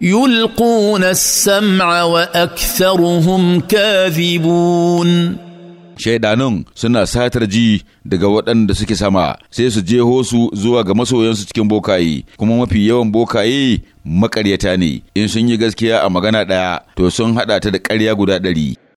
يلقون السمع وأكثرهم كاذبون shaidanun suna satar ji daga waɗanda suke sama sai su jeho su zuwa ga masoyansu cikin bokaye kuma mafi yawan bokaye makaryata ne in sun yi gaskiya a magana ɗaya to sun haɗa ta da ƙarya guda ɗari